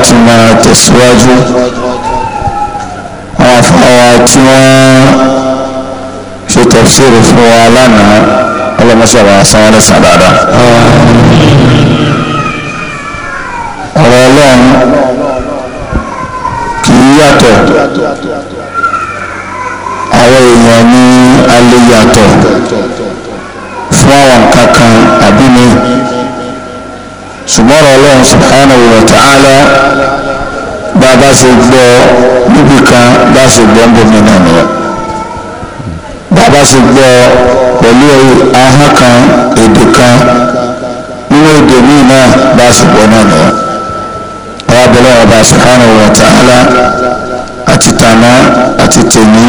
láti máa tẹ̀síwájú àwọn afáwa tí wọ́n ṣe tẹ̀síwájú fún wa lánàá ọlọ́mọṣẹ́wà sanwó-án lẹ́sàn dáadáa. ọ̀rọ̀ ọlọ́run kì í yàtọ̀ àwọn èèyàn ní alẹ́ yàtọ̀ fún àwọn kankan àbí mi ṣùgbọ́n ọlọ́run subhanahu wa ta'ala bá a bá ṣe gbọ́ níbi kan bá a ṣe gbọ́ ń bọ̀ nínú ọ̀nà bá a bá ṣe gbọ́ pẹ̀lú ahọ́n kan èdè kan nínú èdè míì náà bá a ṣe gbọ́ náà nìyẹn ọ̀rọ̀ ọba subhanahu wa ta'ala àti tàná àti tèmí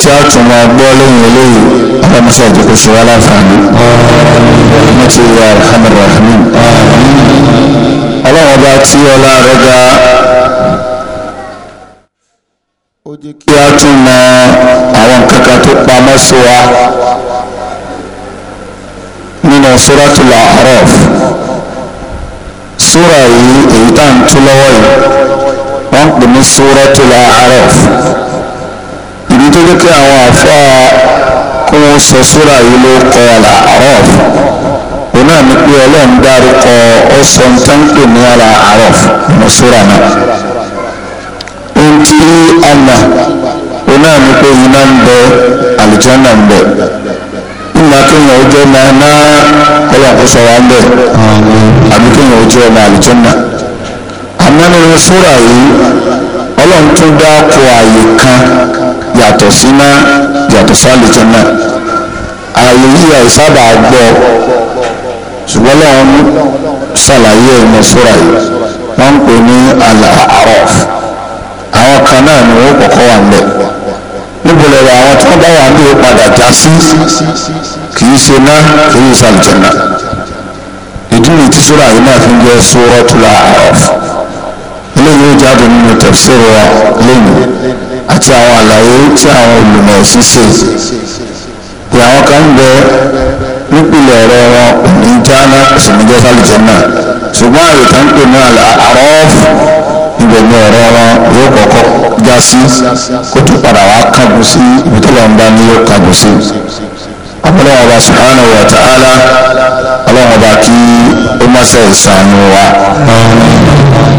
tí a tún máa gbọ́ lẹ́yìn eléyìí alámọ́sá ìjẹ́kó ṣe wá láǹfààní mọ́tí ya alhamdulrahman ọlọ́run bá tí ọlá rẹ̀ ga ó jẹ́ kí a tún mọ àwọn kankan tó pamọ́ sí wa nínú suratul A'raf súra yìí èyí tá à ń tú lọ́wọ́ yìí wọ́n ń pè ní suratul A'raf èyí tó jẹ́ pé àwọn àfa kó wọ́n sọ súrà yìí ló kọ Al-A'raf òun náà ní pé ọlọ́run dárúkọ ọ̀sán tó ń pè ní Al-A'raf nínú náà ohun tí òun náà ní pé iná ń bẹ àlùjánnà ń bẹ nígbà kéèyàn ojú ọmọ iná ọlọ́run kò sọ wá ń bẹ àbí kéèyàn ojú ọmọ àlùjánnà àmọ́ nínú súrà yìí ọlọ́run tún dá kọ àyè kan yàtọ̀ síná yàtọ̀ sálùjọ náà ààyè yìí àìsábà gbọ́ ṣùgbọ́n lọ́wọ́n ṣàlàyé ẹ̀mọ sóra yìí wọ́n ń pè ní al-A'raf àwọn kan náà ni wọ́n kọ́kọ́ wà ń bẹ̀ níbo lọ́wọ́ àwọn tí wọ́n bá wà ní ìpadà já sí kì í ṣe náà kì í ṣàlùjọ náà ìdí nìyí tí sóra yìí náà fi ń jẹ́ Suratul A'raf eléyìí ó jáde nínú tafsir lónìí àti àwọn àlàyé tí àwọn olùmọ̀ ẹ̀sìn ṣe pé àwọn kan ń bẹ nípìnlẹ̀ ọ̀rọ̀ wọn òní jáná òsìnìjẹ́ sálùjẹ́ náà ṣùgbọ́n àyè kan pè ní àrọ́ọ̀fù ibẹ̀ ní ọ̀rọ̀ wọn yóò kọ́kọ́ já sí kó tún padà wá kàbù sí ibi tó lọ́n bá ní yóò kàbù sí. ọlọ́run ọba subhanahu wa ta'ala ọlọ́run ọba kí ó má ṣe ìsàánú wa.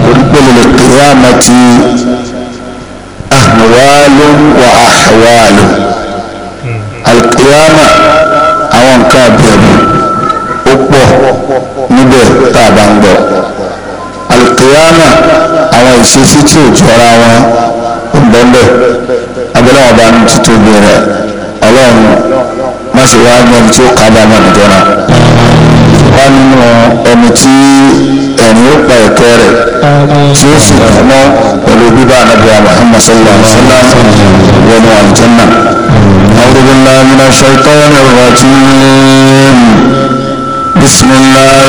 orí pẹ̀lú lè kéwàá mẹ́tì ahwalu wa ahwalu alkiyama àwọn nǹkan àbẹ̀rù ó pọ̀ níbẹ̀ tá a bá ń gbọ́ alkiyama àwọn ìṣesí tí ò jọra wọn ó bẹ́ẹ̀ abẹ́lẹ́ wọn bá ń tutù bí rẹ̀ ọlọ́run má ṣe wá ní ẹni tí ó kábàámọ̀ wá nínú ẹni tí ẹ̀rín ó pa ẹ̀kẹ́ rẹ̀ tí ó sì mọ́ pẹ̀lú bíbá ànábì Muhammad sallallahu alaihi wa sallam wọnú àlùjànnà. أعوذ بالله من الشيطان الرجيم بسم الله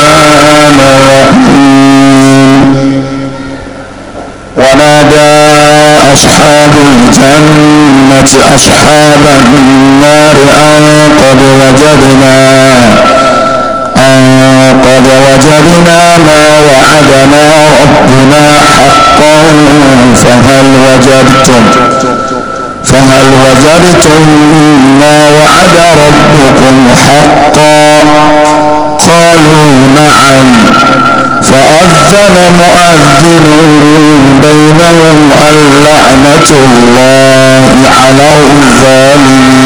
الرحمن الرحيم ونادى أصحاب الجنة أصحاب النار أن قد وجدنا وجدنا ما وعدنا ربنا حقا فهل وجدتم فهل وجدتم ما وعد ربكم حقا قالوا نعم فأذن مؤذن بينهم اللعنة الله على الظالمين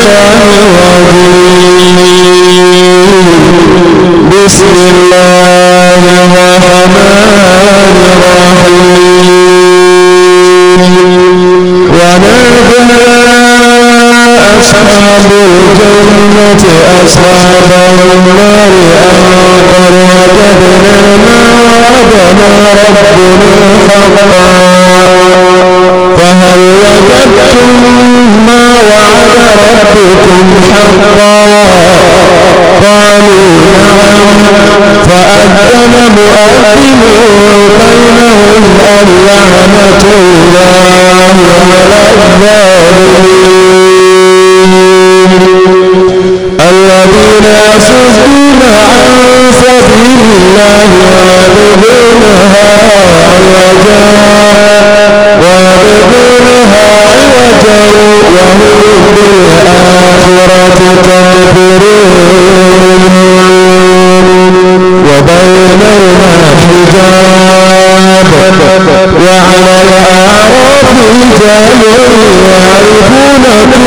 الشيطان الرجيم بسم الله الرحمن الرحيم ونادى أصحاب الجنة أصحاب النار أن قد وجدنا ما وعدنا ربنا حقا وأقيموا بينهم الرحمة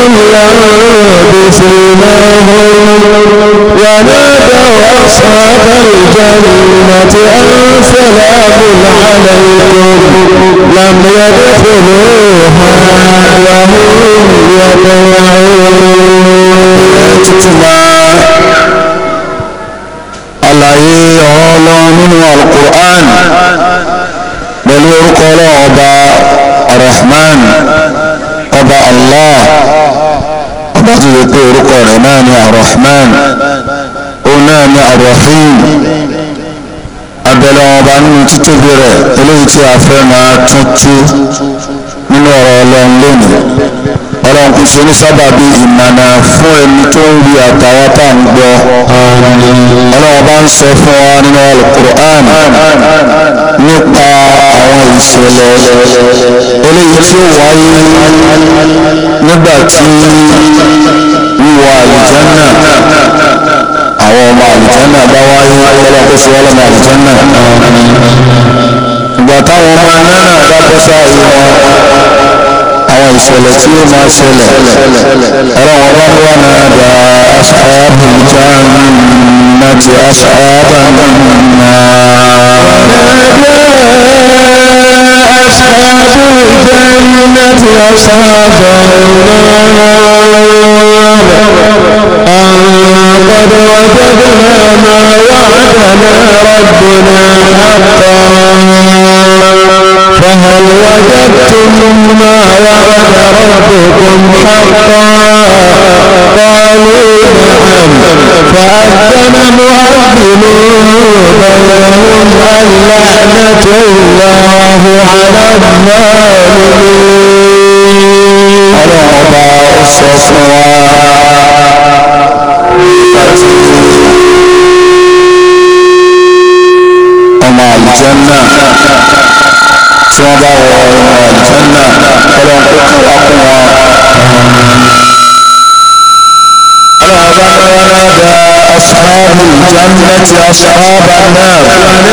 إلا بسيماهم ونادوا أصحاب الجنة أن سلام عليكم لم يدخلوها وهم يدعون tí a fẹ́ máa tún tú nínú ọ̀rọ̀ ọlọ́run lónìí ọlọ́run kò ṣe ní sábàbí ìmọ̀nà fún ẹni tó ń rí àtàwọn tá à ń gbọ́ ọlọ́run bá ń sọ fún wa nínú alukur'an nípa àwọn ìṣẹ̀lẹ̀ eléyìí tí ó wáyé nígbà tí wíwọ àlùjànnà àwọn ọmọ àlùjànnà bá wáyé ọlọ́run kò fi wọ́n lọ́mọ àlùjànnà. ìgbà táwọn ọmọ náà bá bọ́ sáàyè wọn àwọn ìṣẹ̀lẹ̀ tí ó máa ṣẹlẹ̀ ọlọ́run ọba ń wà náà dá aṣááàbù jahannamati aṣááàbà náà. أصحاب الجنة أصحاب النار أن قد وجدنا ما وعدنا ربنا حقا وعد ربكم حقا قالوا نعم فأذن مؤذن بينهم اللعنة الله على الظالمين ọlọ́run ọba ó sọ fún wa láti ọmọ àlùjẹ́ náà tí wọ́n bá wọ ọmọ àlùjẹ́. náà kọ́lọ́ kó tún wá kún wọn. ọlọ́run bá ní wọn náà dá asọ́ọ̀bù jẹ́mẹ́tì asọ́ọ̀bà náà. ونادى أصحاب الجنة أصحاب النار أو الجنة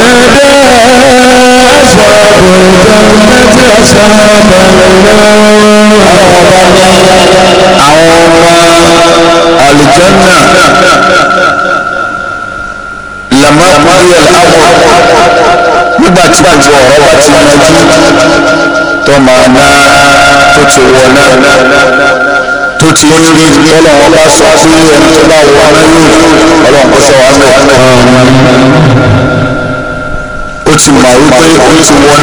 lama kúrò lábọ̀ nígbà tí àjọ ọ̀rọ̀ bá ti yanjú tó máa ná tó ti wọ̀ tó ti rí tọ́lọ̀ wọn bá sọ fún ẹni tó bá wọ náà yóò ọlọ́run kó sọ wá mẹ́. ó ti mọ̀ wípé ó ti wọ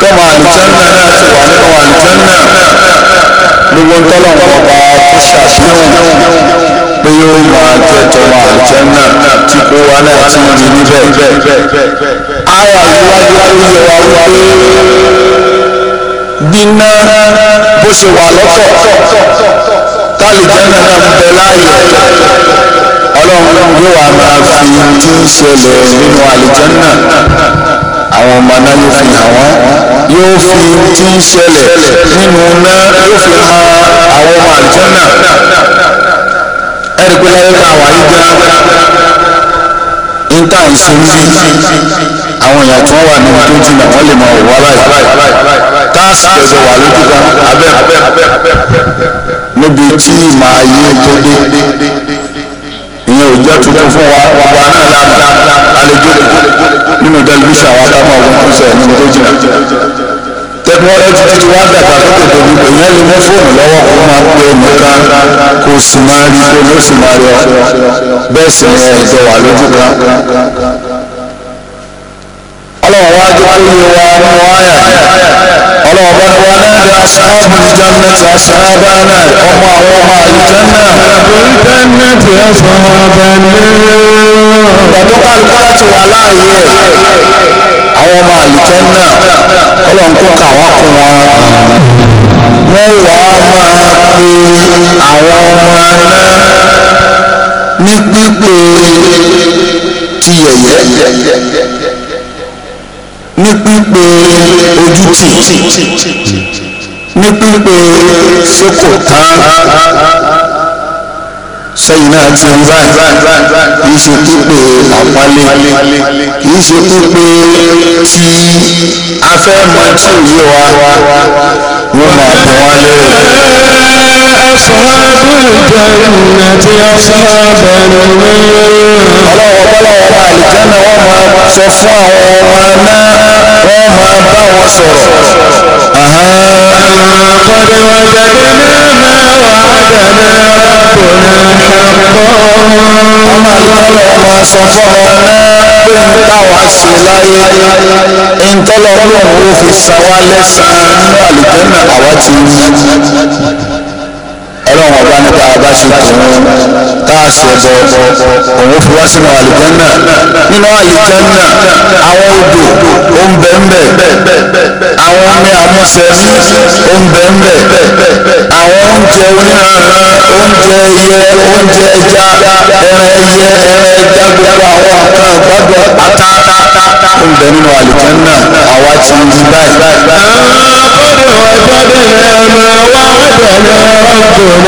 tọ́mọ àlùjànnà náà ti wà nínú àlùjànnà gbogbo ń wọn bá tó ṣàfihàn pé yóò máa tẹ̀tọ̀ wà àjẹ́nà tí kò wá náà ti rí níbẹ̀. ara ìwádìí wa yẹ wa wípé gbíná bó ṣe wà lọ́tọ̀ tálíjẹ́nà náà ń bẹ láàyè ọlọ́run yóò wá máa fi tí ń ṣẹlẹ̀ nínú àlìjẹ́nà àwọn ọmọ náà yóò fi hàn wọ́n yóò fi tí ń ṣẹlẹ̀ nínú náà yóò fi hàn àwọn ọmọ àlìjẹ́nà ẹ̀rí pé láyé tá a wà yí gan níta ń ṣe ń bí àwọn èèyàn tí wọ́n wà níbi tó jìnnà wọ́n lè máa wà láì táàsì gbẹgbẹ wà lójú kan abẹ́ níbi tí màá yé tó dé ìyẹn ò jẹ́ tuntun fún wa ọba náà lánàá àlejò nínú tẹlifíṣàn wa ká máa wọ́n tó sẹ̀ nínú tó jìnnà tẹkinọlọji ti wá dàgbà sókè tóbi èèyàn lè mú fóònù lọ́wọ́ kó máa pe nìkan kó sì máa rí kó ló sì máa rí ọ bẹ́ẹ̀ sì ni ẹ̀jọ̀ wà lójú kan. ọlọ́run wá jẹ́ kó yẹ wá mú wáyà ọlọ́run bá wá náà dé aṣáájú ìjánẹ́tì aṣáájú náà ọmọ àwọn ọmọ àlùjánná. ìjánẹ́tì aṣáájú náà. ìgbà tó kálukú láti wà láàyè ẹ̀ àwọn ọmọ àlùjẹ́ náà ọlọ́run kó kà wá kún wọn wọ́n wà á máa pe àwọn ọmọ aná ní pípé ti yẹ̀yẹ́ ní pípé ojú tì ní pípé ṣokò tán sẹ́yìn náà ti ń báyìí kì í ṣe pípé àpálẹ̀ kì í ṣe pípé tí afẹ́ mọ tí òye wa wọ́n máa bọ̀ wá lérè. أصحاب الجنة أصحاب النار ọlọ́wọ́ bọ́lọ́wọ́ àlìjẹ́nà wọ́n máa sọ fún àwọn ọmọ náà wọ́n máa bá wọn sọ̀rọ̀. قد وجدنا ما وعدنا ربنا حقا ọmọ àlọ́ sọ fún ọmọ náà pé ń táwa ṣe láyé ń tọ́lọ́ ọlọ́run ó fi ṣàwálẹ́sàn-án nínú àlìjẹ́nà àwa ti rí ọlọ́run ọba nípa bá ṣe tòun tá a ṣe bọ òun fi wá sínú àlìjẹ́nà nínú àlìjẹ́nà àwọn odò ó ń bẹ ń bẹ àwọn omi àmúṣẹmí ó ń bẹ ń bẹ àwọn oúnjẹ oníranran oúnjẹ ẹyẹ oúnjẹ ẹja ẹran ẹyẹ ẹran ẹja gbogbo àwọn nǹkan ìgbàgbọ́ pátá ó ń bẹ nínú àlìjẹ́nà àwa ti ń rí báyìí. àwọn ọ̀dọ́ ọ̀dọ́ ni ẹ̀ máa wá ọ̀dọ̀ ni ọ̀dọ̀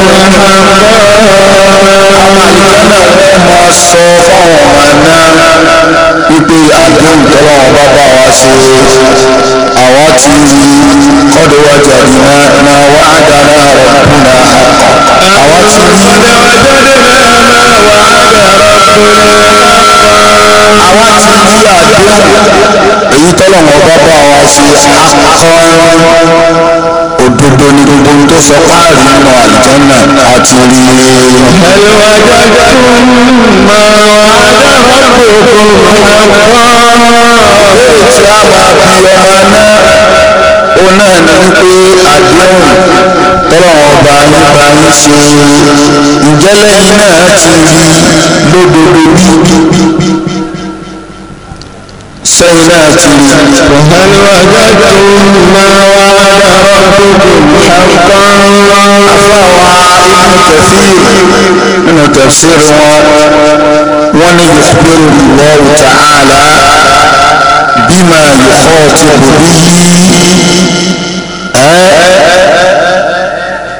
wípé àdéhùn tọ́lá ọba bá wa ṣe àwa ti kọ́dọ̀ wájà nínú iná wá dáná rẹ̀ kúnlá àkọ́. àwa ti kọ́dọ̀ wájà nínú iná wá dáná kúnlá àkọ́. àwa ti yí àdéhùn èyí tọ́lá ọba bá wa ṣe akọ́ òdodo ni gbogbo ohun tó sọ páàrí nínú àlùjọ́nà àti rí i. ẹ̀lú ajájá máa adáhàbòkò àpá. ìbéèrè tí a máa bí ọmọ náà ó náà ní wípé àdéhùn tọ́lọ́wọ́n ọba nípa yín ṣe ìjẹ́lẹ́yìn náà ti rí lódodo bí. سيلاتي وهل وجدتم ما وعد ربكم حقا أفوائد كثير من التفسير وليخبر الله تعالى بما يخاطب به آه.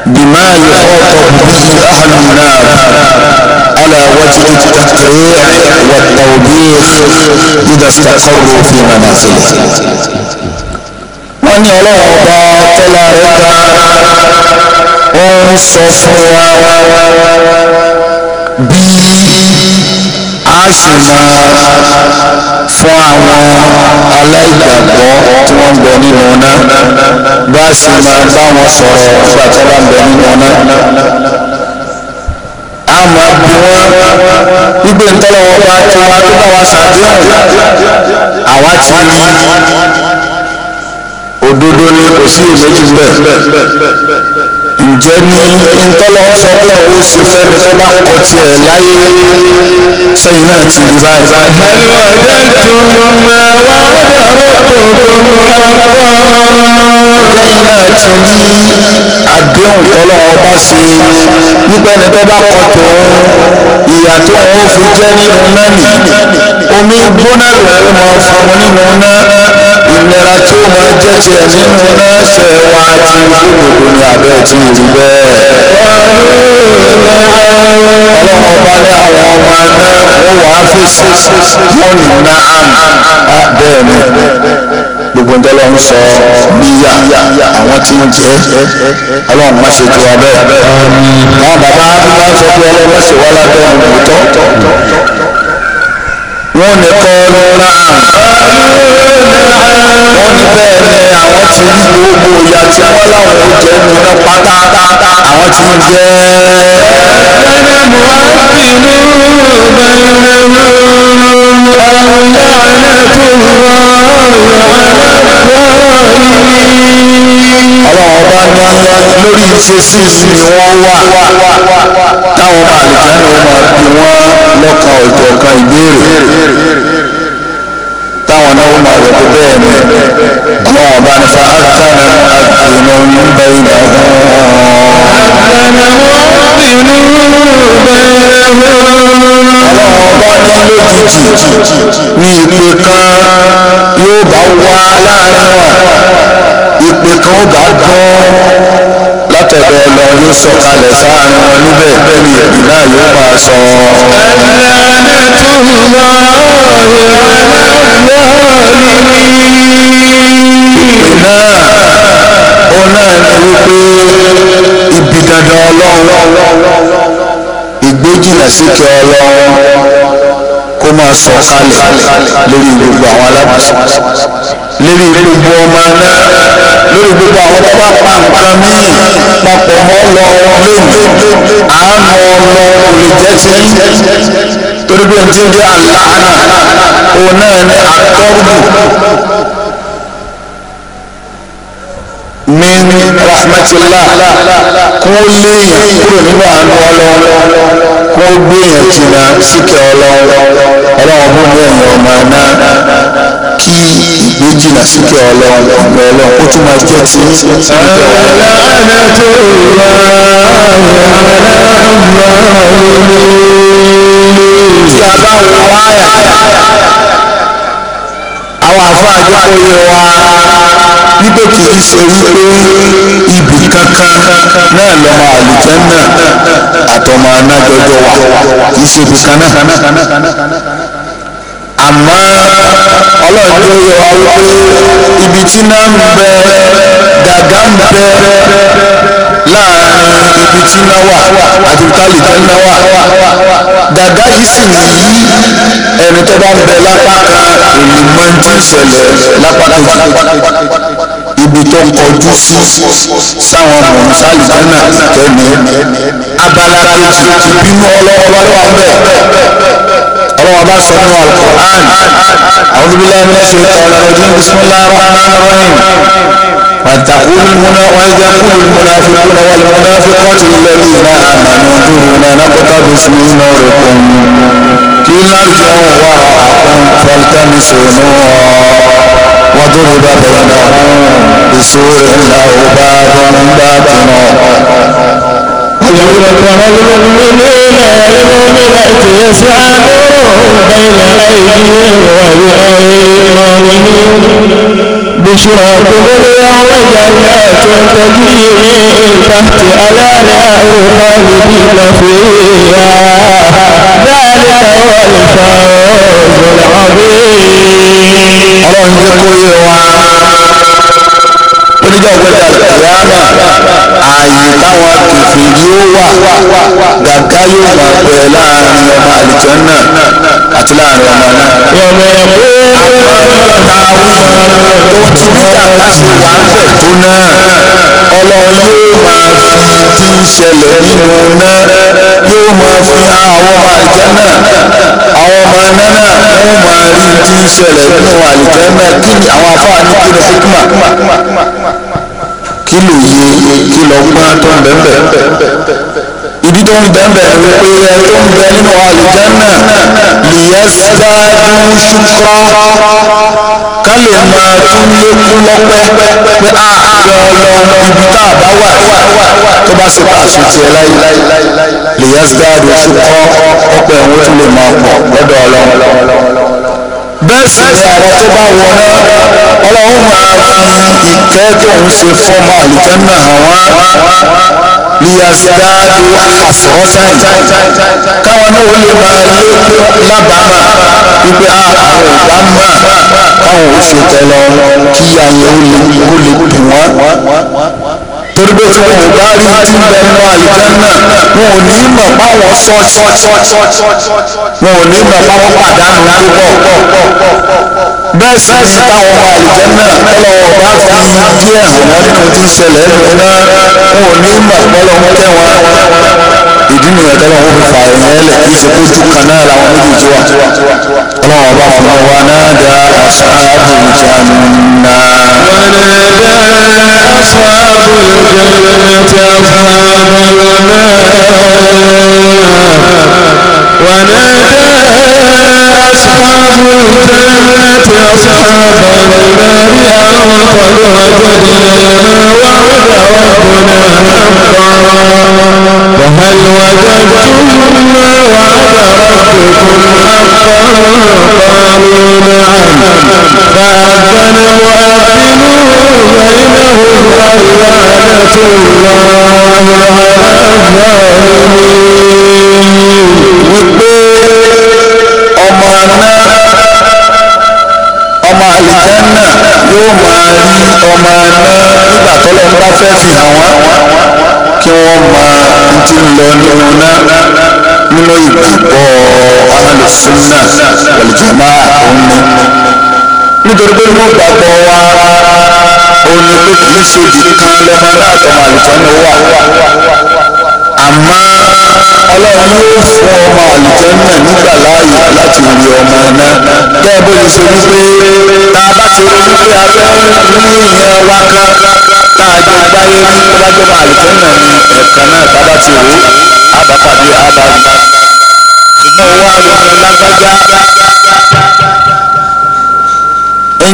بما يخاطب به أهل النار على وجه التقريع والتوبيخ إذا استقروا في منازلهم wọ́n ní ọlọ́run ọba tọ́lá rẹ̀ ga wọ́n ń sọ fún wa bí a ṣe máa fún àwọn aláìgbàgbọ́ tí wọ́n ń bẹ nínú ọ̀nà bá a ṣe máa bá wọn sọ̀rọ̀ nígbà tí wọ́n bá ń bẹ nínú ọ̀nà máa bí wọ́n wípé ntọ́lọ́wọ́ bá tó wá tó bá wa ṣàdéhùn àwa ti ní òdodo ni kò sí ìmẹ́jì bẹ́ẹ̀ ǹjẹ́ ní ntọ́lọ́wọ́ sọ pé òun ṣe fẹ́ni tó bá láyé sẹ́yìn náà ti rí báyìí. àlọ́ ọ̀dẹ́tù mà wá dàrú kòkòrò kankan. lẹ́yìn náà ti rí àdéhùn tọ́lọ́wọ́ bá ṣe nípa ẹni tó bá kọ tòun ìyà tó ń fi jẹ́ nínú náà nì omi gbóná lòun máa fún un nínú náà ìnira tí ó máa jẹ́ tiẹ̀ nínú náà ṣe wá ti gbogbo ní abẹ́ tí ì rí bẹ́ẹ̀. ọlọ́wọ́ bá ní àwọn ọmọ náà wọ́n wàá fèsì mọ́nì náà bẹ́ẹ̀ ni gbogbo ńdọ́lọ́ ń sọ níyà àwọn tí ń jẹ́ ọlọ́run má ṣe tó wa àwọn bàbá bí wọ́n sọ pé ọlọ́run ṣe wá lábẹ́ ọ̀nà ìtọ́ wọ́n ní kọ́ọ̀lù náà wọ́n ní bẹ́ẹ̀ ni àwọn ti rí gbogbo ìyà tí wọ́n láwọn ò jẹ́ nu náà àwọn ti ń jẹ́. bẹ́ẹ̀ ni wọ́n fi inú bẹ́ẹ̀ ni wọ́n ọ̀rọ̀ yàrá tó wọ́n ọ̀rọ̀ lórí ìṣesí ni wọ́n wà táwọn máa lè jáde wọ́n máa bí wọ́n lọ́kàn ọ̀jọ̀kan ìbéèrè táwọn náà wọ́n máa rẹ̀ pé bẹ́ẹ̀ ni ọlọ́run bá ní fa ákàrà àdùnnú ń bẹ ilẹ̀ ọ̀hún. ọlọ́run bá ní lójijì ní ìpè kan yóò bá wá láàrin wọn ìpè kan ó bá gbọ́n sọ̀kalẹ̀ sáàrin wọn níbẹ̀ bẹ́ẹ̀ ni ẹ̀mí náà yóò máa sọ. náà ó náà ní wípé ibi dandan ọlọ́run ìgbéjìnà síkẹ́ ọlọ́run kó máa sọ kalẹ̀ lórí gbogbo àwọn alábùsùn lórí gbogbo ọmọ náà lórí gbogbo àwọn pápá nǹkan míì papọ̀ mọ́ lọ lónìí àánú ọlọ kò lè jẹ́ torí pé ohun tí ń jẹ́ àlàánà òun náà ní àtọ́rùbù. rahmatillah kó léèyàn kúrò nínú àánú ọlọ́run kó gbéyàn jìnnà síkẹ́ ọlọ́run ọlọ́run bó ní ẹ̀yìn ọmọ náà kí ìgbé jìnnà síkẹ́ ọlọ́run ọ̀pọ̀ kó tún máa jẹ́ ti ní a bá àwọn àjọpọ̀ yẹ wa wípé kì í ṣe wípé ibì kankan náà lọ́mọ àlùjànnà àtọmọ anájọjọ wà kì í ṣe ibì kan náà àmọ́ ọlọ́jọ́ yọ wá wípé ibi tí náà ń bẹ gàgà ń bẹ láàrin ibi tí iná wà àti ibi tá lè jẹ́ iná wà dàda yìí sì nìyí ẹni tó bá ń bẹ lápá kan èlò máa ń ti ṣẹlẹ̀ lápá kejì ibi tó kọjú sí sáwọn mọ̀nsálì jẹ́nà kẹ́ni abala kejì ìbínú ọlọ́wọ́ wà ń bẹ̀. روى باس انواع القران اعوذ بالله من الشيطان الرجيم بسم الله الرحمن الرحيم وإذ تقول المنافقون والمنافقات الذين آمنوا دون نقتبس من نوركم قيل ارجعوا فالتمسوا نورا وضرب بينهم بسور له باب باطنه يوم ترى المؤمنين والمؤمنات يسعى نورهم بين أيديهم وبأيمانهم بشراكم اليوم جنات تجري من تحت الأنهار خالدين فيها ذلك هو الفوز العظيم. الله يقول níjọ́ gbọ́dọ̀ àgbàyàmà ààyè táwọn kẹfìrí ó wà gàgá yóò máa bẹ láàrin ọmọ àlìjọ náà àti láàrin ọmọ náà. ọmọ ẹ̀kọ́ àwọn tó ti ní gàgá ṣe wà ń bẹ̀ tó náà ọlọ́run yóò máa fi ti ń ṣẹlẹ̀ nínú náà yóò máa fi àwọn ọmọ àlìjọ náà àwọn ọmọ náà wọ́n máa rí ti ń ṣẹlẹ̀ nínú àlìjọ náà kí ni àwọn afáàní kí ni fíkúmà kí ló yẹ kí ló gbọ́n tó ń bẹ́ẹ̀ ibi tó ń bẹ̀ẹ̀bẹ̀ wípé ẹ tó ń bẹ nínú àlùjánnà lìyẹ́sídájú ṣúkọ́ ká lè máa tún lékún lọ́pẹ́ pé a yọ lọ ibi tá a bá wà tó bá ṣe pàṣẹ tiẹ̀ láyé lìyẹ́sídájú ṣúkọ́ ọ̀pẹ̀ òun tún lè máa pọ̀ lọ́dọ̀ ọlọ́run bẹ́ẹ̀ sì ni àwọn tó bá wọ náà ọlọ́run máa fi ìkẹ́ tóun ṣe fọ́ọ̀mù àlùjànnà hàn wá liyazidadu hasratan káwọn náà ó lè máa lé lábàámà wípé ah, àwọn ọ̀gá mà káwọn ò ṣètẹ́ lọ kí ayé ó lè dùn wọ́n torí pé tí wọn ò bá rí ti ń bẹnu àlùjànnà wọn ò ní mọ̀ báwọn sọ́ọ̀tì wọn ò ní mọ̀ báwọn pàdánù púpọ̀ bẹ́ẹ̀ sì ni táwọn ọmọ àlùjànnà tọ́lọ́wọ́ bá fi díẹ̀ hàn wọ́n nínú tí ń ṣẹlẹ̀ ẹ̀rọ náà wọn ò ní mọ̀ pọ́lọ́wọ́ tẹ̀ wọ́n. nínú ẹ̀ tọ́lọ́ wọn fà ẹ̀ lẹ́lẹ̀ kì í ṣe kó tún kan náà làwọn méjèèjì wà. ọlọ́wọ́ bá fún wa wa nada ashabul janna. wa nada ashabul jannati ashabal nar. wa nada ashabul jannati ashabal nar an qad wajadna ma wa'ada rabbuna وجدتم وعد ربكم حقا قالوا نعم فأذن مؤذن بينهم اللعنة الله على الظالمين wípé ọmọ aná ọmọ àlìjánà yóò máa rí ọmọ aná nígbà tó lọ́n bá fẹ́ fi hàn wọ́n kí wọ́n mọ ti ń lọ nínú náà nínú ìgbàgbọ́ alùsùnà wàlùjàmá òun nítorí pé mo gbàgbọ́ wa òun ni pé lọ́mọ náà tó máa wà àmọ́ ọlọ́run yóò fún ọmọ àlùjànnà nígbà láàyè láti rí ọmọ náà gẹ́gẹ́ bó ṣe wípé tá a bá ti wípé abẹ́ ń ní ìyẹn wá kan tá a jọ gbáyé rí tọ́bájọ́mọ́ àlùkọ́nà ni ẹ̀ẹ̀kan náà tábà ti wò ó àbápàdé àbá ṣùgbọ́n owó àrùn lágbájá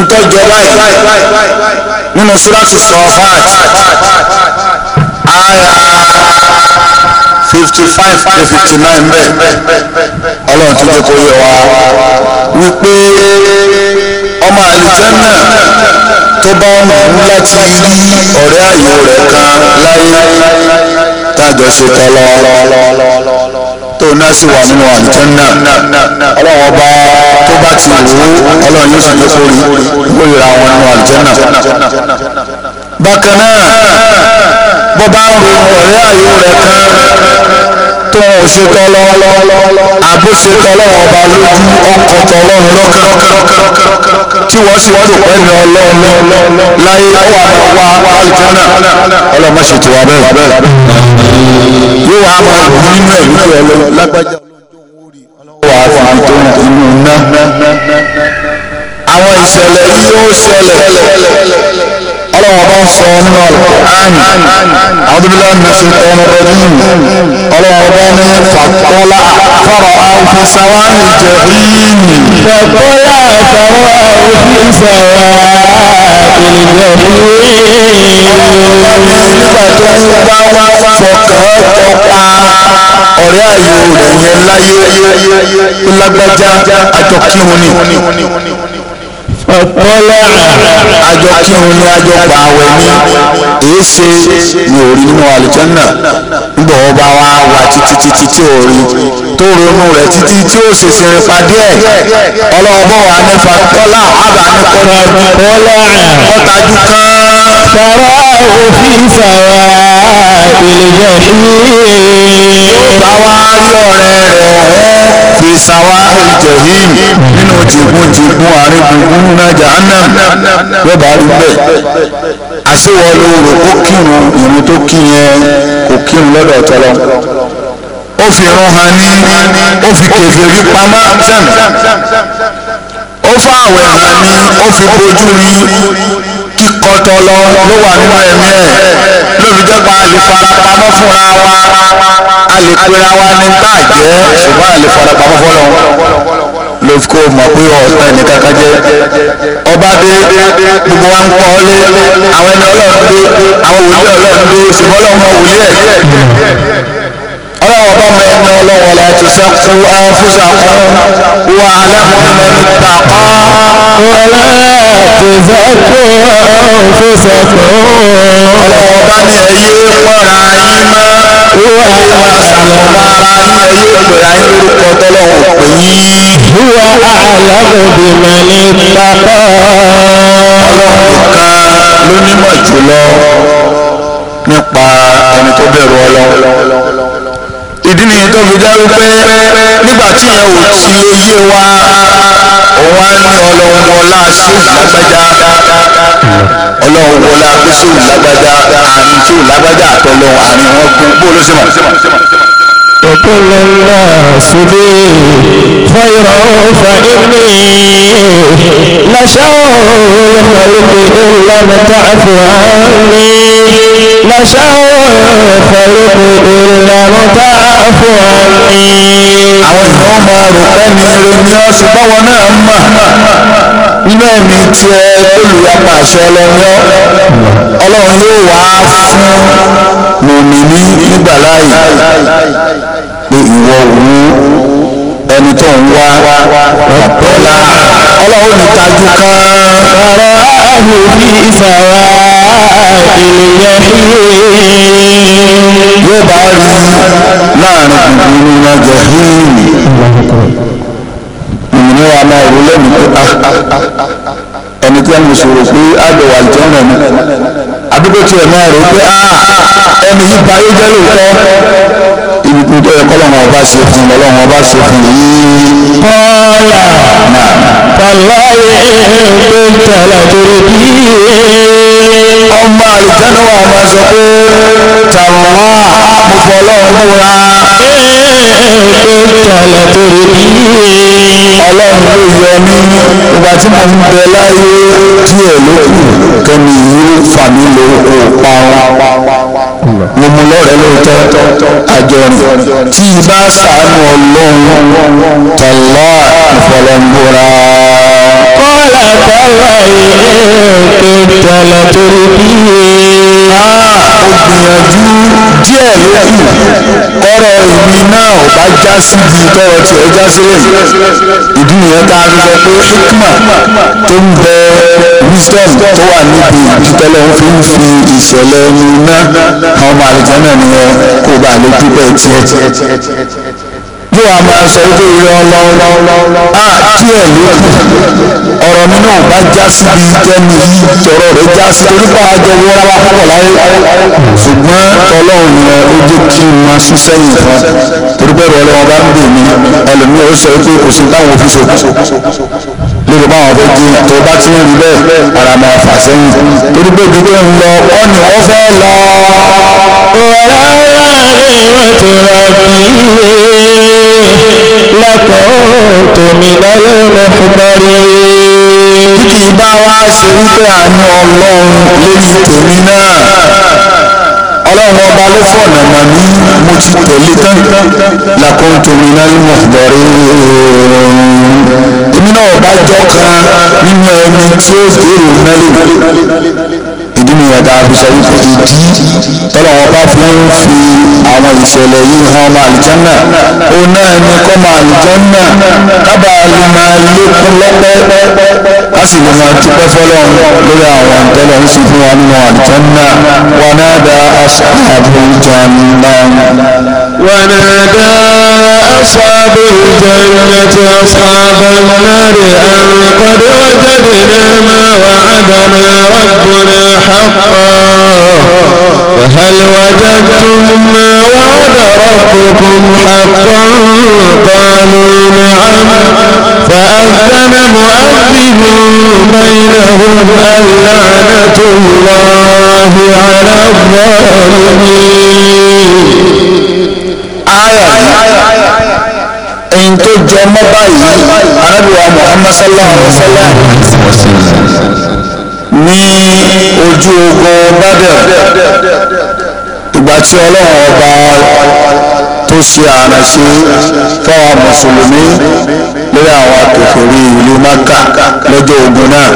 ntọ́jọ báyìí nínú súrátù sọ̀fàt àyà fifty five to fifty nine bẹ́ẹ̀ ọlọ́run ti jẹ́ kó yẹ wá wípé ọmọ àlùjànnà tó bá ń láti rí ọ̀rẹ́ àyò rẹ̀ kan láyé tájọ ṣe tọ́lọ́ tó náà sì wà nínú àlùjànnà ọlọ́run ọba tó bá ti wò ó ọlọ́run yóò sì jẹ́ kó rí kó rí ra wọn nínú àlùjànnà bákan náà bó bá ń ro ọ̀rẹ́ àyò rẹ̀ kan tó ń ṣe tọ́lọ́ àbó tọ́lọ́ ọba lójú ọkọ̀ tọ́lọ́ lọ́kàn tí wọ́n sì wọ́n pẹ́ ní láyé ọwọ́ àwọn alìjọ́nà ọlọ́mọ ṣe tiwa bẹ́ẹ̀ yóò wá máa lò nínú ẹ̀ lójú ẹ̀ lágbájá ọlọ́wọ́ àwọn tó inú ná àwọn ìṣẹ̀lẹ̀ yìí ṣẹlẹ̀ ọlọ́wọ́ bá ń sọ nínú alukur'ani àdúgbò ní ṣètọ́nù rẹ̀dín ọlọ́wọ́ bá ní fàkọ́lá fọ̀rọ̀ àwòfin sàwáàlì jẹ̀hìnì. fàkọ́lá fọ̀rọ̀ àwòfin sàwáàlì jẹ̀hìnì. nígbà tó ń bá wá fọkàn tọpa ọ̀rẹ́ àyò rẹ̀ yẹn láyé tó lágbájá àjọkírun ni. ọ̀pọ̀lá àjọ kírun ní àjọ pa se ní èéṣe ni ò rí wà títí títí tí ò rí tó ronú títí tí ó padì kan. sọ̀rọ̀ òfin sàwà ìlẹ̀jẹ̀ bá rẹ̀ fi jẹ̀gún àárín gbùngbùn náà jahannam yọba rí bẹ́ẹ̀ àṣewọ̀ ló rò kó kírun ìrun tó kí yẹn kò kírun lọ́dọ̀ tọ́lọ́ ó fi run hàn ní ó fi kèfèrí pamọ́ sẹ́mi ó fà àwẹ̀ hàn ní ó fi bojú rí kíkọ́ tọ́lọ́ ló wà nínú ẹ̀mí ẹ̀ lóbi jẹ́ pa fúnra wa a wa ní tá a jẹ́ ṣùgbọ́n a lè ló kó mọ̀ pé ọ̀tá ẹnìkan kan jẹ́ ọba dé gbogbo wa ń pọ̀ ọ́lé àwọn ẹni ọlọ́run dé àwọn wòlíì ọlọ́run dé ṣùgbọ́n ọlọ́run mọ wòlíì ẹ̀ ọlọ́run ọba mọ ẹni ọlọ́run ọ̀la ti sẹ́kù àfúsà fún wa alámọ̀ọ́mọ́ nípa pa. ọ̀la ti sẹ́kù àfúsà fún. ọlọ́run ọba ní ẹ̀yẹ́ pọ̀ra yín mọ́. Huwa àlàmù ẹ̀yẹ́ pẹ̀lú ayé lórúkọ tọ́lọ́wọ̀n pè yín. Huwa àlàmù bímọ ní pápá. Ọlọ́run nìkan ló nímọ̀ jùlọ nípa ẹni tó bẹ̀rù Ọlọ́run. Ìdí nìyí tó fi já wípé nígbà tí ìyẹn ò ti lè yé wa, òun á ní ọlọ́run wọlá sóòlù lágbájá. Ọlọ́run wọlá sóòlù lágbájá tí ò lágbájá àtọlọ àárín wọn gún bó ló ṣe mọ. وكل الناس لي خيرا فإني لشوق الخلق إن لم تعفو عني لشوق الخلق إن لم تعفو عني àwọn ìwọ́n máa rò pé ní ẹni ní ọ̀sùn báwọn náà mọ̀ nínú ẹ̀mí tiẹ̀ olùyapa àṣẹ ọlọ́yọ́ ọlọ́run yóò wá fún mòmìnì nígbà láàyè pé ìwọ òun ẹni tó ń wá ọ̀pọ̀lá ọlọ́run ní tajú kan ọ̀rọ̀ ààrùn ní ìsàrà ìlẹ̀yẹ̀ yóò bá rí láàrin gbùngbùn ní ọjọ́ hìnnì ní wa máa rò lẹ́nu pé ah, ah, ah, ẹni tí wọ́n sọ̀rọ̀ pé àgbẹ̀ wà jẹ́ ọ̀nà mi àdúgbò tiẹ̀ máa rò pé ẹni yìí ba ayé jẹ́ lóòótọ́ ibi tó yẹ kọ́lọ́mọ ọba ṣe fún ọlọ́mọ ọba ṣe fún yìí. kọ́lá kàláyé tó ń tẹ̀lé torí bí. ọmọ àlùjáde wa máa sọ pé tàwọn àbùkù ọlọ́run múra. tó ń tẹ̀lé lè yọ mí ìgbà tí mo ń bẹ láyé díẹ̀ ló kù kẹ́mi yìí fà mí lórúkọ parun mo mú lọ́rẹ̀ẹ́ lóòótọ́ àjọrìn tí ibà sàánú ọlọ́run tọ́lá ìfọlọ́nbúra. kọ́lá tọ́lá ilé kẹtàlá torí bíi ó gbìyànjú díẹ̀ lókù kọ́rọ̀ èmi náà ò bá já síbi tọ́rọ̀ tiẹ̀ já sílẹ̀ ìdí nìyẹn tá a fi sọ pé hikma tó ń bẹ wisdom tó wà níbi ìdítọ́lọ́ ń fi ń fi ìṣẹ̀lẹ̀ ẹni iná àwọn ọmọ àlùjẹ́ náà nìyẹn kó bàa lè dúpẹ́ tiẹ̀ tí wàá máa sọ wípé ìrẹ ọlọ á díẹ̀ ló kù ọ̀rọ̀ mi náà bá já síbi tẹnu yìí tọ̀rọ̀ rẹ̀ já sí torípa àjọ wọra wa púpọ̀ láyé ṣùgbọ́n tọlọ́run yẹn ó jẹ́ kí n máa sún sẹ́yìn kan torípé ẹ̀rọ ọlọ́wọ́ bá ń bè mí ẹlòmíì ó sọ wípé kò sí táwọn òfin ṣe lórí báwọn fẹ́ jí tó bá ti ń rí bẹ́ẹ̀ ara máa fà sẹ́yìn torí pé gbogbo ń lọ wọ́n ni wọ́n fẹ́ lọ. ọ̀rọ̀ ara rẹ̀ wọ́n ti rà bí i. لكنت من المحضرين kí kì í bá wá ṣe wípé àánú ọlọ́run lórí tèmi náà ọlọ́run ọba ló fọ̀nà mà mí mo ti tẹ̀lé tán لكنت من المحضرين èmi náà bá jọ kan nínú ẹni tí ó dèrò mẹ́lẹ̀ nìyẹn tá a fi sọ wípé ìdí tọ́lọ́wọ́ bá fi ń fi àwọn ìṣẹ̀lẹ̀ yìí hàn ọmọ àlùjànnà ó náà ní kọ́ ọmọ àlùjànnà kábà lè máa lékún lọ́pẹ́ ká sì lè máa dúpẹ́ fọ́lọ́run lórí àwọn tọ́lọ̀ ń sì fún wa nínú àlùjànnà wa nada ashabul janna. wa nada. أصحاب الجنة أصحاب النار أن قد وجدنا ما وعدنا ربنا حقا فهل وجدتم ما وعد ربكم حقا قالوا نعم فأذن مؤذن بينهم اللعنة الله على الظالمين ààyà yìí ẹni tó jọ mọ́ báyìí arábìwá Muhammad sallallahu alaihi wasallam ní ojú ogun Badr ìgbà tí ọlọ́run ọba tó ṣe àràṣe fáwọn mùsùlùmí lórí àwọn akẹfẹ̀rí ìlú maka lọ́jọ́ ogun náà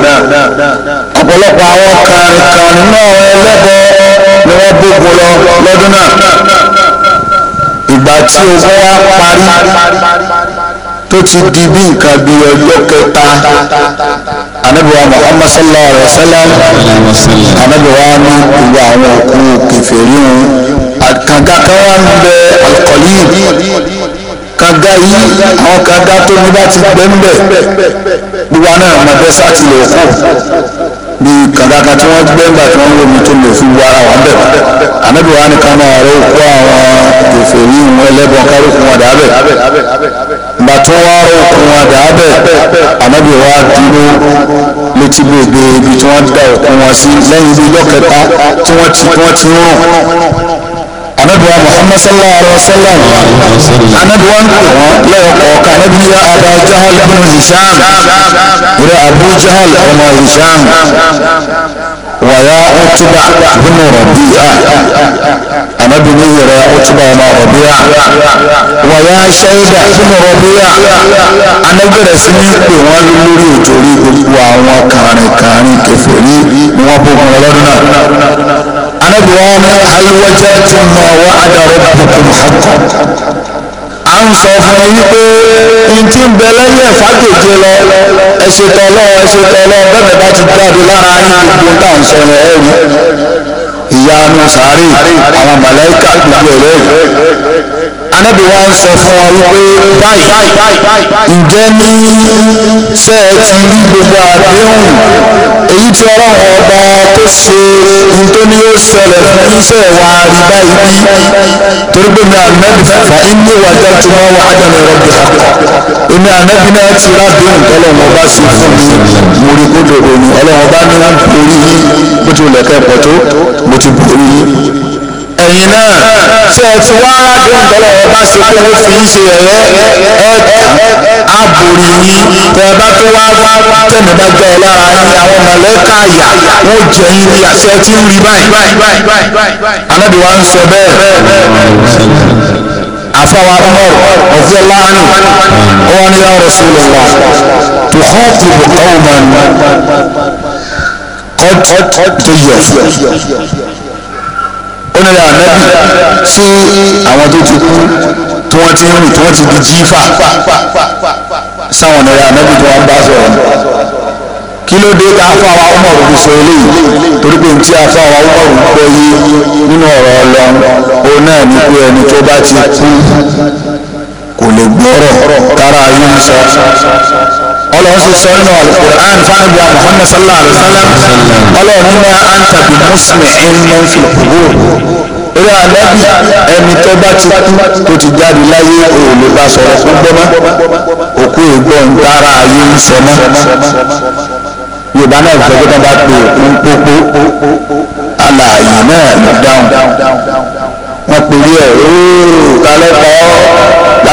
ọ̀pọ̀lọpọ̀ àwọn kàrìnkàrìn náà ẹlẹ́bọ ni wọ́n gbógun lọ lọ́dún náà ìgbà tí ogun wa parí tó ti di bí nǹkan bí ọjọ́ kẹta anabiwa muhammad sallallahu alaihi wa sallam anabiwa ní gbogbo àwọn òkú kẹfẹ́rí wọn kànga kan wà ń bẹ alkọ̀lì kànga yìí àwọn kànga tó ní bá ti gbẹ́ ń bẹ̀ gbogbo àná ìmọ̀dẹ́sà ti lè kú bí kàkàkà tí wọ́n gbé ńgbà tí wọ́n ń lòmí tó lè fi wọ ara wọn bẹ̀ ànábì wa ni ká máa rọ òkú àwọn kèfèrí wọn ẹlẹ́bọn kárí òkú wọn ìgbà tó wá rọ òkú wọn dàbẹ̀ ànábì wa dúró létí gbogbo ibi tí wọ́n da òkú wọn sí lẹ́yìn ibi ọjọ́ kẹta tí wọ́n ti rún anabiwa muhammad sallallahu alaihi wa sallam anabiwa ń pè wọ́n lẹ́ẹ̀kọ̀ọ̀kan anabi ya aba jahal ibn hisham rẹ abu jahal ọmọ hisham wàyà ọtúbà ibn rabi'a anabi ní yẹrẹ ọtúbà ọmọ rabi'a wàyà ṣẹyìdà ibn rabi'a anabi rẹ sí ní pè lórí òjòrí gbogbo àwọn kàrin ni wọ́n hal wajadtum ma wa'ada rabbukum haqqan à ń sọ fún yín pé n ti ń bẹ lẹ́yìn ẹ̀fàgèje lọ ẹ̀ṣẹ̀ tọ̀lọ́ ẹ̀ṣẹ̀ tọ̀lọ́ bẹ́ẹ̀ bá ti jáde lára yín gbogbo tá à ń sọ yẹn ẹ̀rí ìyanu sàárè àwọn màláíkà gbogbo ẹ̀rẹ́ anábì wa ń sọ fún wa wípé báyìí ǹjẹ́ ní ṣe é ti rí gbogbo àdéhùn èyí tí ọlọ́run ọba tó ṣe ohun tó ní yóò ṣẹlẹ̀ fún iṣẹ́ wa rí báyìí bí torí pé mi ànábì fàfà inú wa jẹ́ tó máa wà ádámù ìrọ̀bì àpọ̀ èmi ànábì náà ti rádéhùn tọ́lọ́run ọba ṣe fún mi mo rí kódò òní ọlọ́run ọba ní wọ́n borí bó ti wulẹ̀ kẹ́ tó mo ti borí ẹ̀yin náà ṣe ẹ ti wá aládùn tọ́lọ̀ ẹ bá ṣe pé wọ́n fi ń ṣe ẹ̀yẹ ẹ̀dá àbòrí yín tẹ ẹ bá tó wá wá tẹ̀mí bá gbọ́ ẹ lára yín àwọn mọ̀lẹ́ka àyà wọ́n jẹ yín ní àṣẹ tí ń rí báyìí anábì wa ń sọ bẹ́ẹ̀ àfọwọ́ Umar radiyallahu anhu wọn ni ya Rasulullah tukhatibu qawman qad tayyafu onírẹ̀ ànábì ṣé àwọn tó ti kú tí wọ́n ti ń rìn tí wọ́n ti di jífà sáwọn onírẹ̀ ànábì tó wọ́n bá sọ̀rọ̀ kí ló dé ká fún àwa Umar fi sọ eléyìí torí pé tí a fún àwa Umar gbọ́ yé nínú ọ̀rọ̀ Ọlọ́run òun náà ní pé ẹni tó bá ti kú kò lè gbọ́rọ̀ kára yín sọ ọlọ́run sì sọ nínú alukur'an fanabuwa muhammad sallallahu alaihi wa sallam ọlọ́run ní anta bi muslim ẹnìyàn fi kúrò orí anabi ẹni tó bá ti kú tó ti jáde láyé òun lè bá sọ̀rọ̀ fún gbọ́mọ́ òkú ìgbọ́n dára ayé ń sọ yorùbá náà fẹ́ kí wọ́n bá pe òkú pópó alààyè náà ló dáhùn wọ́n pe rí ẹ̀ ooo kálẹ̀ kọ́ ọ́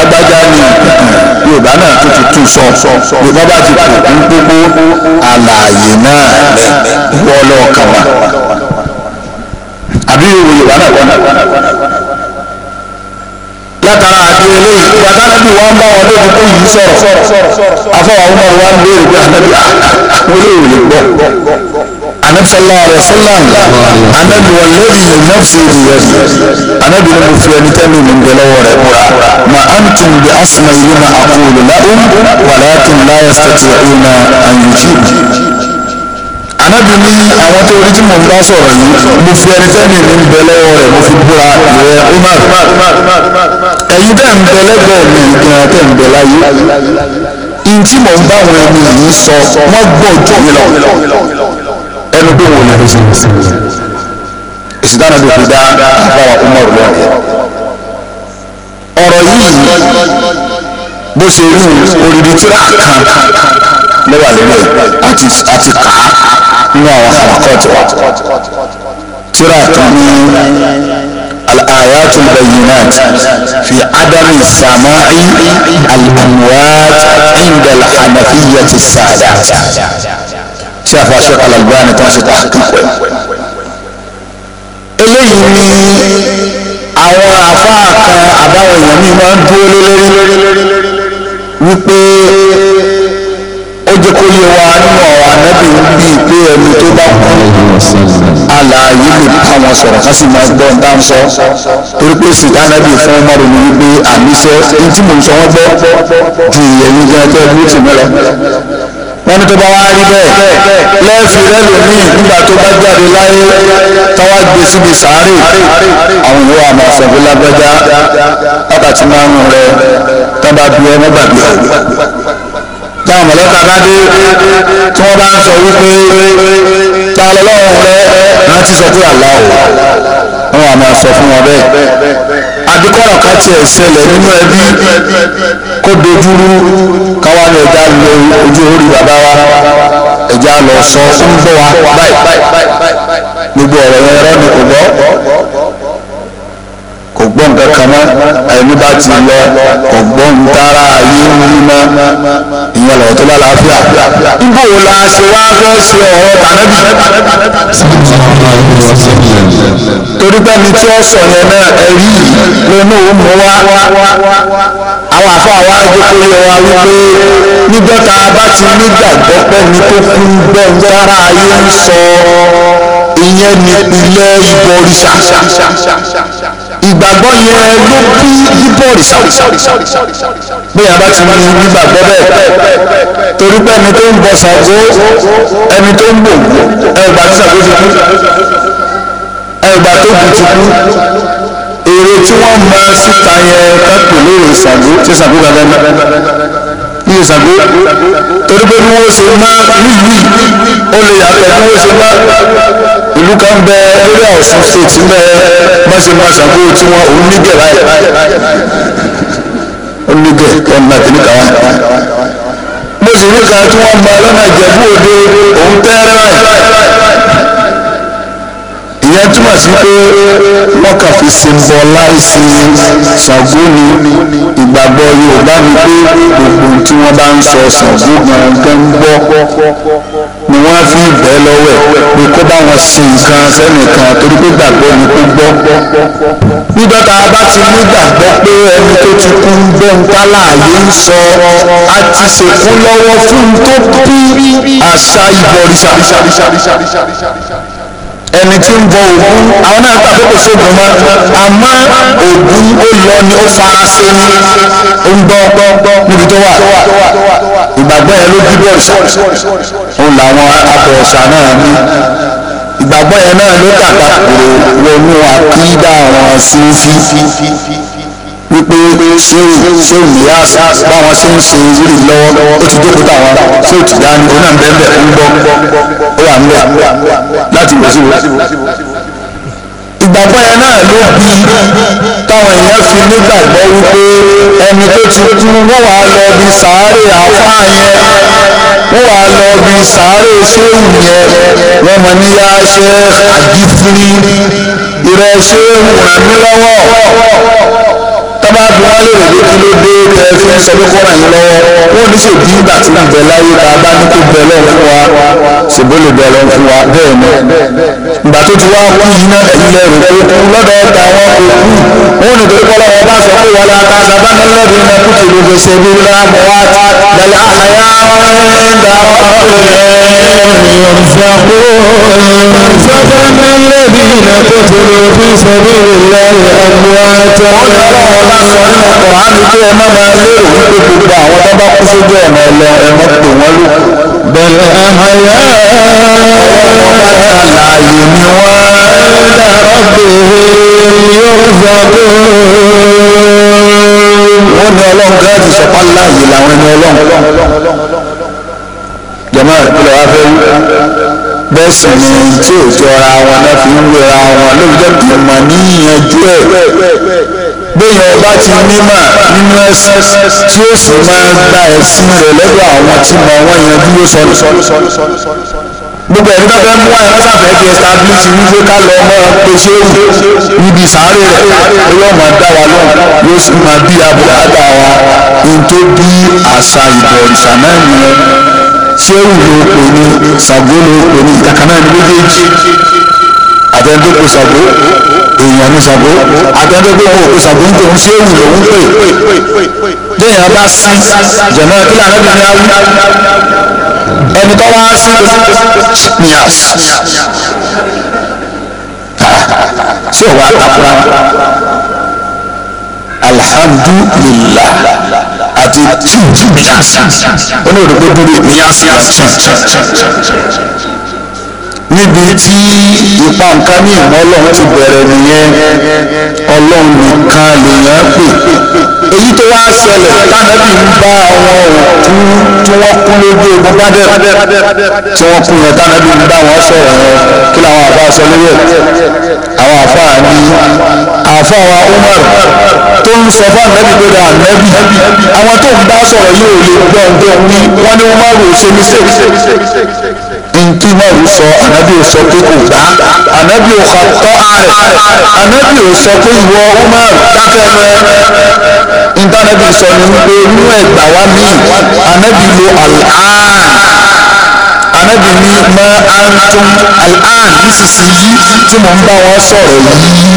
lágbájá ni yorùbá náà tó ti tún sọ yorùbá bá ti kò ń gbogbo àlàyé náà wọ́ lọ́ọ̀kan wa àbí yorùbá náà wọ́n látara àti eléyìí pàtàkì wọn bá wọn lóbi kó yìí sọ̀rọ̀ afọwọ́ àwọn ọmọ wa ń béèrè pé àtàkì àwọn ah, ah, ah, olóòwò lè gbọ́ anabisala alasala anabi wa lẹbi nafsi biyadi anabi ni mo fi ẹni tẹ́ mi ní gbẹlẹ́wọ̀ rẹ̀ kura ma an tun bi asuma yi ma akulu lahum walakin la yastati'una an yujibu anabi ni àwọn tó rí tí mo bá sọ̀rọ̀ yìí mo fi ẹni tẹ́ mi ní gbẹlẹ́wọ̀ rẹ̀ mo fi búra ìwé umar ẹ̀yin tẹ́ ń bẹ lẹ́gbẹ̀ẹ́ mi ìgbìyànjú tẹ́ ń bẹ láyé ntí mo ń bá àwọn ẹni yìí sọ wọ́n gbọ́ jù mí ẹnu pé wọn ò lè fi ṣe èsì dáná ló fi dá àbáwá Umar lọ́rẹ̀ ọ̀rọ̀ yìí bó ṣe rí odidi tíra kan lọ́wọ́ àlẹ́lẹ́ àti àti kà á nínú àwọn àkọ́tù tíra kan ní الآيات البينات في عدم سماع الأموات عند الحنفية السادات tí a fa aṣọ kalagbára ni tí wọ́n ṣe ta àkókò ẹ̀. eléyìí ni àwọn àfáà kan àbáwọn èèyàn mi máa ń dúró lórí wípé ó jẹ́ kó yé wa nínú ọ̀rọ̀ ànábì ń bí pé ẹni tó bá kú alààyè lè bá wọn sọ̀rọ̀ ká sì máa gbọ́ nǹkan sọ torí pé sìgá ànábì fún ọmọ rẹ̀ wípé àmì iṣẹ́ ní tí mò ń sọ wọ́n gbọ́ ju ìyẹ̀yìn jẹ́ ẹgbẹ́ bíútì mẹ́rẹ̀ wọ́n ní tó bá wá rí bẹ́ẹ̀ lẹ́ẹ̀fì rẹ́lòmíì nígbà tó bá jáde láyé táwa gbé síbi sàárè àwọn ìwọ àmọ́ àfẹ́bí lágbájá wákàtí márùn-ún rẹ tábà bí ẹ mọ́gbà bí ẹ táwọn mọ̀lẹ́ka bá dé tí wọ́n bá ń sọ wípé ta lọ́lọ́run rẹ rántí sọ pé àlá o wọn àmọ́ sọ fún wọn bẹ́ẹ̀ àbí kọ́nà kan tiẹ̀ ṣẹlẹ̀ nínú ẹbí kó dojúrú káwá ní ẹja lọ ojú orí bàbá wa ẹja lọ sọ fún bọ́ wa báyìí gbogbo ọ̀rọ̀ yẹn rẹ́ ni kò gbọ́ kò gbọ́ nǹkan kan mọ́ ẹni bá ti lọ kò gbọ́ ń tara ayé ń rí mọ́ ìyẹn lọ́wọ́ tó bá láàfíà. níbo wo la ṣe wá fẹ́ ṣe ọ̀rọ̀ tànẹ́bí. torí pé mi tí ó sọ yẹn náà ẹ̀rí lónà ó mú wá àwọn àfa wa jókòó yẹ wa wípé níjọ́ tá a bá ti nígbàgbọ́ pẹ́ni tó kú gbọ́ ń tara ayé ń sọ ìyẹn ní ilé ìbọ̀rìṣà ìgbàgbọ́ yẹn ló bí bíbọ̀rì bí a bá ti ní nígbàgbọ́ bẹ́ẹ̀ torí pé ẹni tó ń bọ Ṣàngó ẹni tó ń bò ẹgbà tí Ṣàngó ti kú ẹgbà tó kù ti kú èrè tí wọ́n máa síta yẹn kápẹ́ lóore Ṣàngó tí Ṣàngó gbàgbẹ́ náà ní ìsàgbó torí pé bí wọ́n ṣe máa wíwí ó lè yàtọ̀ bí wọ́n ṣe máa ìlú kan bẹ lórí Ọ̀ṣun state ń bẹ máṣe máa ṣàgbó tí wọ́n òun nígẹ̀ báyìí ó nígẹ̀ ọ̀nà kìnnìkan wá mo sì ní kan tí wọ́n gba lọ́nà Ìjẹ̀bú Òde òun tẹ́ẹ́rẹ́ báyìí ìyẹn túmọ̀ sí pé wọ́n kàn fi symbolize Ṣàngó ni ìgbàgbọ́ Yorùbá ni pé gbogbo tí wọ́n bá ń sọ Ṣàngó gangan ń gbọ́ ni wọ́n fi bẹ́ẹ̀ lọ́wọ́ ẹ̀ pé kó bá wọn ṣe nǹkan sẹ́nìkan torí pé gbàgbọ́ ni kó gbọ́. nígbà bá ti ní gbàgbọ́ pé ẹni tó ti kú ń gbọ́ ń tá láàyè ń sọ a ti ṣèkú lọ́wọ́ fún tó bí àṣà ìbọ̀rìṣà ẹni tí ń bọ ògún àwọn náà tàbí kò sóògùn mọ́ àmọ́ ògún ó lọ ni ó fara ṣe ni ó ń gbọ́ níbi tó wà ìgbàgbọ́ yẹn ló bíbọ̀ ṣá òun làwọn abọ̀ọ̀ṣà náà ní ìgbàgbọ́ yẹn náà ló kàkàkùrọ̀ wọnú àkídà àwọn sífí wípé ṣéwù ṣéwù níyàs báwọn ṣe ń ṣe wúrì lọ́wọ́ ó ti dókòtà wọn ṣéwù tìjà ni onáà ń bẹ́ẹ̀ bẹ́ẹ̀ ń gbọ́ ó wà ń bẹ́ẹ̀ lásìbò ìgbàgbọ́ yẹn náà ló bí táwọn èèyàn fi nígbàgbọ́ wípé ẹni tó ti kú wọ́n wàá lọ bí sàárè àfáà yẹn wọ́n wàá lọ bí sàárè séwù yẹn wọ́n mọ̀ ní yá ṣe àdìfúrí ìrẹsẹ̀ ràn mí lọ́wọ́ wọ́n bá bí wọ́n lè rèé kí ló dé tẹ́ fi ń sọ pé kọ́ra yín lọ́wọ́ wọ́n ní ṣe bí ìgbà tí ń bẹ láyé tá a bá ní kó bẹ lọ́wọ́ fún wa ṣèbó lè bẹ lọ́wọ́ fún wa bẹ́ẹ̀ ni ìgbà tó ti wá kú yín náà ẹ̀yìn lẹ́rù pé kú lọ́dọ̀ ọ̀tá wọn kò kú wọn ò ní torí kọ́lọ́ wọn bá sọ pé wọlé ata sábàánà lẹ́bi iná kú ti lè fẹsẹ̀ bí láàmú wa bẹ̀lẹ̀ àyà ọ̀rẹ́ ń dà ọ́ sọ nínú kọ̀hánì pé ẹ má máa lérò wípé gbogbo àwọn tó bá kú sójú ọ̀nà ẹ̀lọ ẹ má pè wọ́n lò. bẹ̀rẹ̀ àhàyà àlàyé ni wọ́n dàrọ́ bèèrè yóò gbàgbé. wọ́n ní ọlọ́run gáàdì sọ̀pá láàyè làwọn ẹni ọlọ́run. jọ̀mọ́ ìpínlẹ̀ wa fẹ́ wí ni tí ò jọra wọn náà fi ń wéra wọn lóòótọ́ tó mọ̀ níyànjú ẹ̀ béèyàn bá ti nímọ̀ nínú ẹ̀sìn tí ó sì máa gba ẹ̀sìn rẹ̀ lọ́dọ̀ àwọn tí mọ̀ wọ́n yanjú yóò sọnù. gbogbo ẹ̀rí bẹ́ẹ̀ mú àyàn sáfẹ́ di establish wípé ká lọ ọmọ pèsè níbi sàárè rẹ̀ ó yọ̀ máa dá wa lọ́wọ́ yóò sì máa bí abúládà wa ní bí àṣà ìbọ̀rìṣà náà nìyẹn ṣé òun ló pè ní ṣàgbó ló pè ní ìkàkànnà ní méjèèjì àtẹnudó kò sago èèyàn ní sago àtẹnudó kò kò sago ń tòun ṣé òun lòún pè déèyàn bá sín jẹ̀mọ́ kí lànà bí ẹni tó wá sí chitnias sí ọ̀wá àkàkùrà alhamdulillah àti chitnias ó ní òdòdó dúró ní asian chin níbi tí ipa nǹkan ní ìmọ̀ ọlọ́run ti bẹ̀rẹ̀ nìyẹn ọlọ́run nìkan lèèyàn pè èyí tó wá ṣẹlẹ̀ tánàbì ń bá àwọn òkú tí wọ́n kú lójú ogun bádẹ́rẹ́ tí wọ́n kú yẹn tánàbì ń bá wọn sọ̀rọ̀ yẹn kí làwọn àfa sọ lórí ẹ̀ àwọn àfa ní àfa wa Umar tó ń sọ fún ànábì pé ra ànábì àwọn tó ń bá sọ̀rọ̀ yìí ò lè gbọ́ ǹdọ́ wí wọ́n ní Umar ò ṣe mistake. Umar sọ anabi ò sọ pé kò gbá anabi ò ka tọ́ àrẹ̀ anabi ò sọ pé ìwọ Umar dákẹ́ rẹ ntànabi sọ ni pé nínú ẹgbà wa mi anabi lo al'an anabi ni ma antum al'an nísinsìnyí tí mo ń bá wọn sọ̀rọ̀ yìí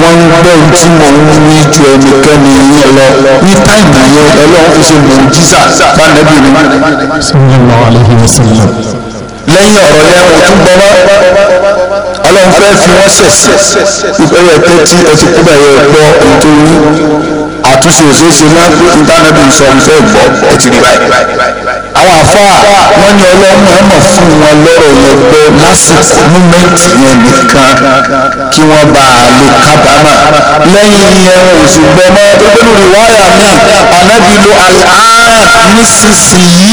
wọ́n ń gbọ́ ohun tí mo ní ju ẹnikẹ́ni lọ ní táìmù yẹn ọlọ́run fi ṣe mọ̀ jísà bá nẹ́bí mi. sallallahu alaihi wasallam lẹ́yìn ọ̀rọ̀ yẹn o tún gbọ́ wá ọlọ́run fẹ́ fi wọ́n ṣẹ̀ṣẹ̀ ìpẹ́yẹ tẹ́tí ẹtì kúbẹ̀ yẹ gbọ́ nítorí àtúnṣe òṣèṣe náà ìtànẹ́bí sọ ìfẹ́ gbọ́ ẹtì rí báyìí. àwọn àfa wọn ní ọlọ́run ẹ̀ mọ̀ fún wọn lọ́rọ̀ yẹn gbọ́ lásìkò múmẹ́ǹtì yẹn nìkan kí wọ́n bá a lè kábàámà lẹ́yìn yẹn wọn ò sì gbọ́ mọ́ tó gbẹ́nu rìwáyà mi ànábì lo àlàáhà nísinsìnyí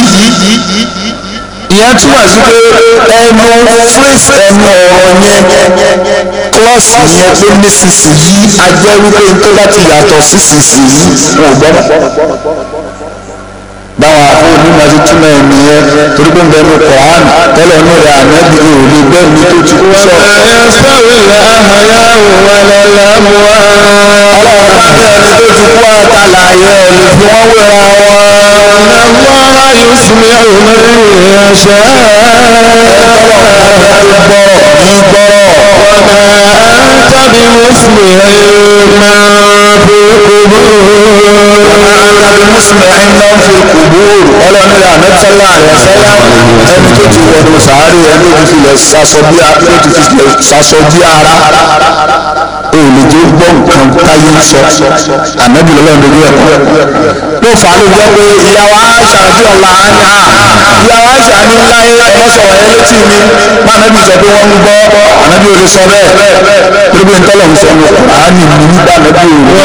ìyẹn túmọ̀ sí pé ẹnu phrase ẹnu ọ̀rọ̀ yẹn klọ́ọ̀sì yẹn pé nísinsìnyí a jẹ́ wípé tó bá ti yàtọ̀ sísinsìnyí wọn ò gbọ́dọ̀ báwa àwọn onímọ̀ ti túmọ̀ ẹ̀mí yẹn torí pé ń bẹ ní Quran tẹ́lẹ̀ ní rẹ̀ ànábì ò lè gbẹ́ mi tó ti kú sọ. ọlọ́run bá bẹ̀rẹ̀ tó ti kú àtàlàyé ẹ̀ lè fi wọ́n wéra wọn yusmi man yasha. Wàmà tàbí mùsùlùmí máa fi kúbúrú. Wàmà tàbí mùsùlùmí máa fi kúbúrú. Ọlọ́run ní àná sọ́lá àrẹ sọ́lá ẹni tó ti wọ̀nù sàárè ẹni tó ti fi lẹ̀ sasọ bí ara olùjẹ gbọ́ nǹkan táyé ń sọ ànábì lọ́lọ́run dojú ẹ̀kọ́ ló fà á ló jẹ́ pé ìyàwó aṣa àti ọ̀la àná ìyàwó aṣa ní láyé ẹ̀mọ́ sọ̀rọ̀ ẹ létí mi má ànábì sọ pé wọ́n ń gbọ́ ànábì ò lè sọ bẹ́ẹ̀ pẹ̀lú ntọ́lọ̀ ń sọ ní kùránì mi nígbà ànábì ò lè gbà ìyàwó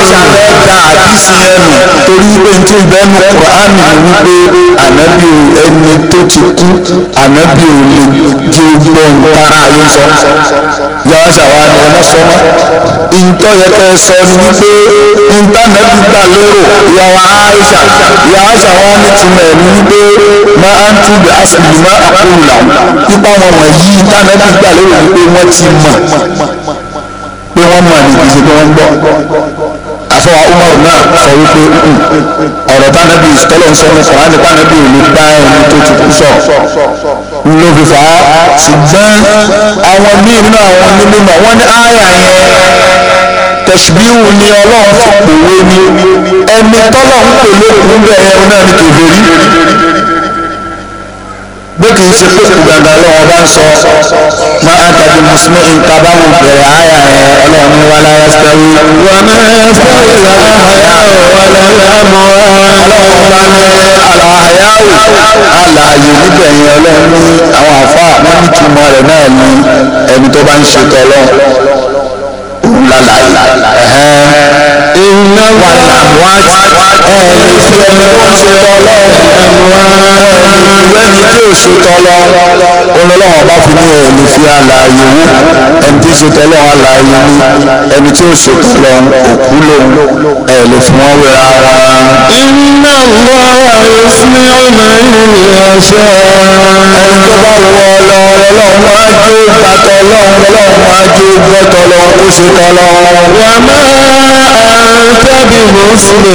aṣa fẹ́ da àdìsí ẹnu torí pé ntí ìbẹ́nu kùránì mi wípé ànábì ẹni tó ti ànábì ò lè ju gbọ̀ǹgbọ̀n ara ló sọ yàrá ṣàwọn àná ọmọ sọ mọ́ ìtọ́ yẹ kẹ́ sọ ni wípé ìntánẹ́ẹ̀tì gbà lérò yàrá Aisha yàrá ṣàwọn ní tìmẹ̀ ní wípé máa ń tún bí asèlú máa àkóhùn làwọn ipa wọn wọ̀nyí ìntánẹ́ẹ̀tì gbà lérò wípé wọ́n ti mọ̀ pé wọ́n mọ̀ ní ìdíje pé wọ́n gbọ́ àfọwọ́ Umar náà sọ wípé hmm, hadith tọ́lọ̀ ń sọ nípa níbi òní bá ẹni tó ti kú sọ ló fi fà á ṣùgbọ́n àwọn míì nínú àwọn onímọ̀ wọ́n ní àyà yẹn tẹ̀síbíù ni ọlọ́run ti pòwe ni ẹni tọ́lọ̀ ń pè lókun bẹ́ẹ̀ náà ni kò lórí bó kì í ṣe pé kù gàgà ọlọ́wọ́ bá ń sọ ma a tàbí mùsùlùmí ń taba wọn bẹ̀rẹ̀ àyà ẹ̀ ọlọ́run ní wàlá yastawi. wàlá yastawi làhàyà wàlá yàmọ́. ọlọ́run bá ní àlàyáwò àlàyé níbẹ̀ yẹn ọlọ́run ní àwọn àfa wọn ní túmọ̀ rẹ̀ náà ní ẹni tó bá ń ṣe tọ́lọ́ lálàá yìí. iná wà láwájú ẹni tí ẹni tó ń ṣe tọ́lọ́ ẹni tí ò ṣe tọ́lọ́ olólùwọ̀n bá fi ní ẹni fi àlàyé wú ẹni tí ń ṣe tọ́lọ́ àlàyé wú ẹni tí ò ṣe tọ́lọ́ òkú lòun ẹ̀ lè fún wọn wéra wọn. iná wà ìsinmi ọmọ ènìyàn ṣe. ẹni tó bá wọ ọlọ́run ọlọ́run á jó gbàtọ́ ọlọ́run ọlọ́run á jó gbọ́tọ́ ọlọ́run ó ṣe tọ́lọ́ lọ. wà á máa tẹ́bi mọ́sùlùmí